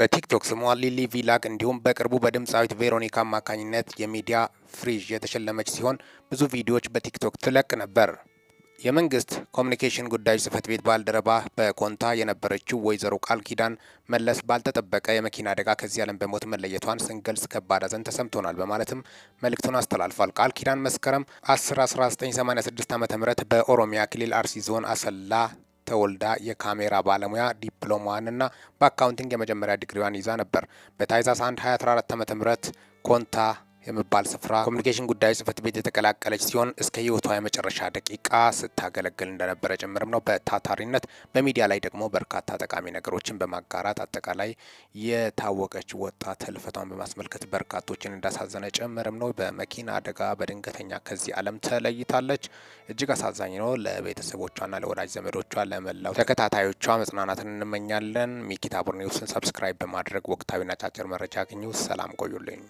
በቲክቶክ ስሟ ሊሊ ቪላግ እንዲሁም በቅርቡ በድምፃዊት ቬሮኒካ አማካኝነት የሚዲያ ፍሪዥ የተሸለመች ሲሆን ብዙ ቪዲዮዎች በቲክቶክ ትለቅ ነበር። የመንግስት ኮሚኒኬሽን ጉዳዮች ጽህፈት ቤት ባልደረባ በኮንታ የነበረችው ወይዘሮ ቃል ኪዳን መለስ ባልተጠበቀ የመኪና አደጋ ከዚህ ዓለም በሞት መለየቷን ስንገልጽ ከባድ ሐዘን ተሰምቶናል በማለትም መልእክቱን አስተላልፏል። ቃል ኪዳን መስከረም 10 1986 ዓ ም በኦሮሚያ ክልል አርሲ ዞን አሰላ ተወልዳ የካሜራ ባለሙያ ዲፕሎማዋንና በአካውንቲንግ የመጀመሪያ ዲግሪዋን ይዛ ነበር። በታይዛስ 1 2014 ዓ ም ኮንታ የመባል ስፍራ ኮሚኒኬሽን ጉዳዮች ጽህፈት ቤት የተቀላቀለች ሲሆን እስከ ህይወቷ የመጨረሻ ደቂቃ ስታገለግል እንደነበረ ጭምርም ነው። በታታሪነት በሚዲያ ላይ ደግሞ በርካታ ጠቃሚ ነገሮችን በማጋራት አጠቃላይ የታወቀች ወጣት ህልፈቷን በማስመልከት በርካቶችን እንዳሳዘነ ጭምርም ነው። በመኪና አደጋ በድንገተኛ ከዚህ ዓለም ተለይታለች። እጅግ አሳዛኝ ነው። ለቤተሰቦቿና ለወዳጅ ዘመዶቿ ለመላው ተከታታዮቿ መጽናናትን እንመኛለን። ሚኪታቡር ኒውስን ሰብስክራይብ በማድረግ ወቅታዊና አጫጭር መረጃ አግኙ። ሰላም ቆዩልኝ።